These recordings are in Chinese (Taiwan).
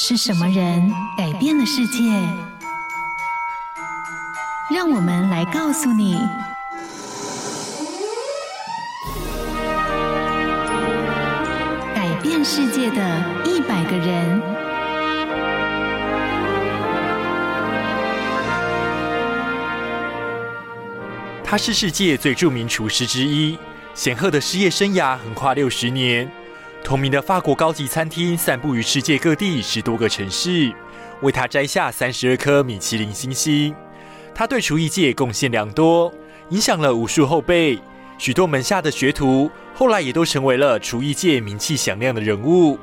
是什麼人改變了世界？讓我們來告訴你：改變世界的一百個人。他是世界最著名廚師之一，顯赫的事業生涯橫跨六十年。同名的法國高級餐廳散布於世界各地十多個城市，為他摘下三十二顆米其林星星。他對廚藝界貢獻良多，影響了無數後輩。許多門下的學徒後來也都成為了廚藝界名氣響亮的人物，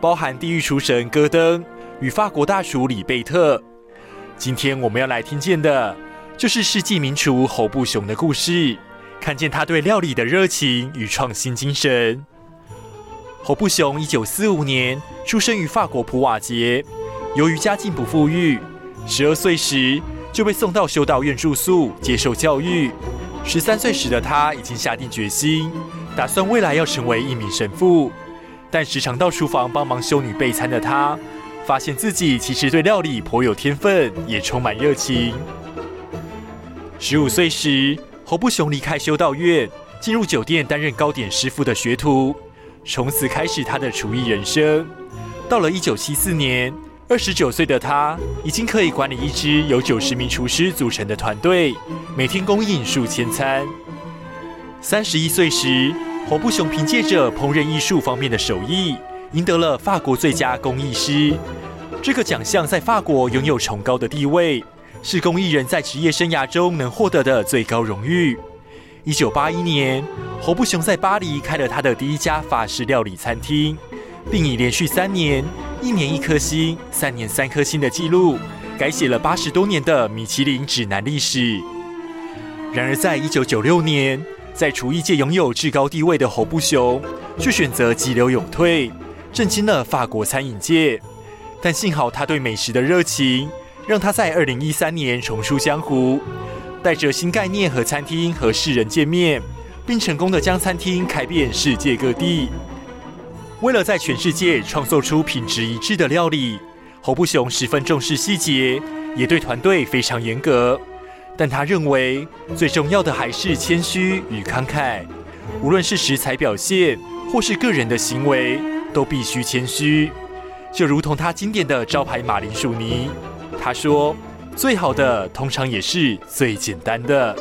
包含地獄廚神戈登與法國大廚里貝特。今天我們要來聽見的，就是世紀名廚侯布雄的故事，看見他對料理的熱情與創新精神。侯布雄一九四五年出生於法國普瓦捷，由於家境不富裕，十二歲時就被送到修道院住宿接受教育。十三歲時的他已經下定決心，打算未來要成為一名神父。但時常到廚房幫忙修女備餐的他，發現自己其實對料理頗有天分，也充滿熱情。十五歲時，侯布雄離開修道院，進入酒店擔任糕點師傅的學徒。從此開始他的廚藝人生。到了一九七四年，二十九歲的他已經可以管理一支由九十名廚師組成的團隊，每天供應數千餐。三十一歲時，侯布雄憑借着烹飪藝術方面的手藝，贏得了法國最佳工藝師這個獎項，在法國擁有崇高的地位，是工藝人在職業生涯中能獲得的最高榮譽。一九八一年，侯布雄在巴黎開了他的第一家法式料理餐廳，並以連續三年、一年一顆星、三年三顆星的記錄，改寫了八十多年的米其林指南歷史。然而，在一九九六年，在廚藝界擁有至高地位的侯布雄，卻選擇急流勇退，震驚了法國餐飲界。但幸好，他對美食的熱情，讓他在二零一三年重出江湖。帶着新概念和餐廳和世人見面，並成功的將餐廳開遍世界各地。為了在全世界創作出品質一致的料理，侯布雄十分重視細節，也對團隊非常嚴格。但他認為最重要的還是謙虛與慷慨，無論是食材表現或是個人的行為，都必須謙虛。就如同他經典的招牌馬鈴薯泥，他說。最好的，通常也是最簡單的。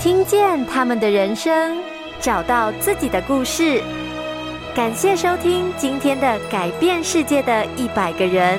聽見他們的人生，找到自己的故事。感謝收聽今天的《改變世界的一百個人》。